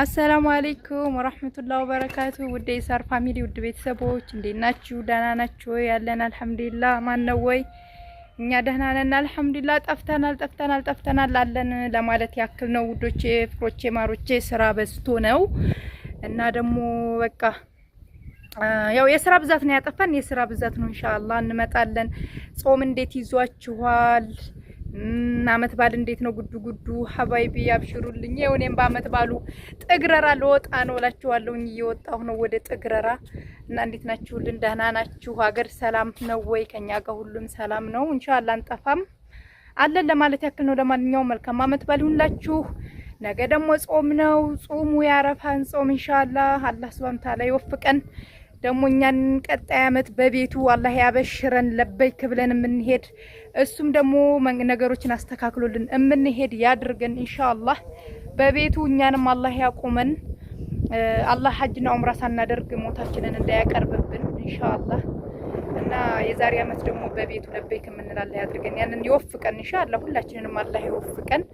አሰላሙ አሌይኩም ወራህመቱላህ ወበረካቱ። ውድ የሳር ፋሚሊ ውድ ቤተሰቦች እንዴት ናችሁ? ደህና ናችሁ ወይ? ያለን አልሐምዱሊላ። ማን ነው ወይ? እኛ ደህና ነን አልሐምዱሊላ። ጠፍተናል ጠፍተናል ጠፍተናል አለን ለማለት ያክል ነው ውዶቼ፣ ፍቅሮቼ፣ ማሮቼ። ስራ በዝቶ ነው እና ደግሞ በቃ ያው የስራ ብዛት ነው ያጠፋን፣ የስራ ብዛት ነው። እንሻላ እንመጣለን። ጾም እንዴት ይዟችኋል? አመት ባል እንዴት ነው ጉዱ ጉዱ ሀባይቢ ያብሽሩልኝ። ይኸው እኔም በአመት ባሉ ጥግረራ ለወጣ ነው እላችኋለሁኝ። እየወጣሁ ነው ወደ ጥግረራ እና እንዴት ናችሁልን? ደህና ናችሁ? ሀገር ሰላም ነው ወይ? ከኛ ጋር ሁሉም ሰላም ነው። እንሻላ አንጠፋም አለን ለማለት ያክል ነው። ለማንኛውም መልካም አመት ባል ይሁንላችሁ። ነገ ደግሞ ጾም ነው። ጾሙ ያረፋን ጾም እንሻላ አላህ ሱብሃነሁ ወተዓላ ይወፍቀን። ደግሞ እኛን ቀጣይ አመት በቤቱ አላህ ያበሽረን ለበይክ ብለን የምንሄድ እሱም ደግሞ ነገሮችን አስተካክሎልን የምንሄድ ያድርገን ኢንሻአላህ። በቤቱ እኛንም አላህ ያቆመን። አላህ ሀጅና ዑምራ ሳናደርግ ሞታችንን እንዳያቀርብብን ኢንሻአላህ። እና የዛሬ አመት ደግሞ በቤቱ ለበይክ የምንላለ ያድርገን። ያንን ይወፍቀን ኢንሻአላህ። ሁላችንንም አላህ ይወፍቀን።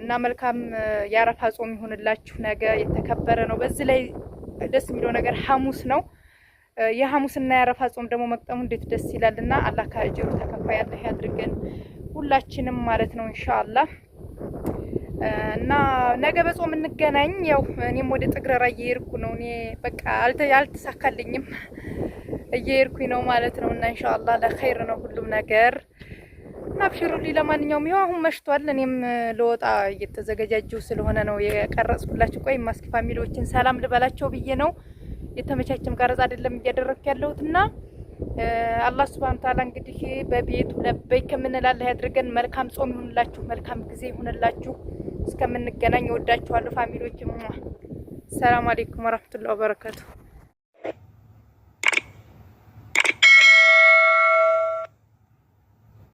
እና መልካም የአረፋ ጾም ይሁንላችሁ። ነገ የተከበረ ነው። በዚህ ላይ ደስ የሚለው ነገር ሐሙስ ነው። የሐሙስና የአረፋ ጾም ደግሞ መቅጠሙ እንዴት ደስ ይላል እና አላህ ከአጅሩ ተከፋይ አላህ ያድርገን ሁላችንም ማለት ነው ኢንሻአላህ። እና ነገ በጾም እንገናኝ። ያው እኔም ወደ ጥግረራ እየሄድኩ ነው። እኔ በቃ አልተ አልተሳካልኝም እየሄድኩኝ ነው ማለት ነው። እና ኢንሻአላህ ለኸይር ነው ሁሉም ነገር እና አብሽሩልኝ። ለማንኛውም ይኸው አሁን መሽቷል። እኔም ለወጣ እየተዘገጃጀሁ ስለሆነ ነው የቀረጽኩላችሁ። ቆይ ማስኪ ፋሚሊዎችን ሰላም ልበላቸው ብዬ ነው። የተመቻቸም ቀረጻ አይደለም እያደረግኩ ያለሁት እና አላህ ስብሃነ ተዓላ እንግዲህ በቤቱ ለበይ የምንላለ ያድርገን። መልካም ጾም ይሁንላችሁ፣ መልካም ጊዜ ይሁንላችሁ። እስከምንገናኝ ወዳችኋለሁ ፋሚሊዎች። ሰላም አሌይኩም ወረህመቱላሂ ወበረካቱ።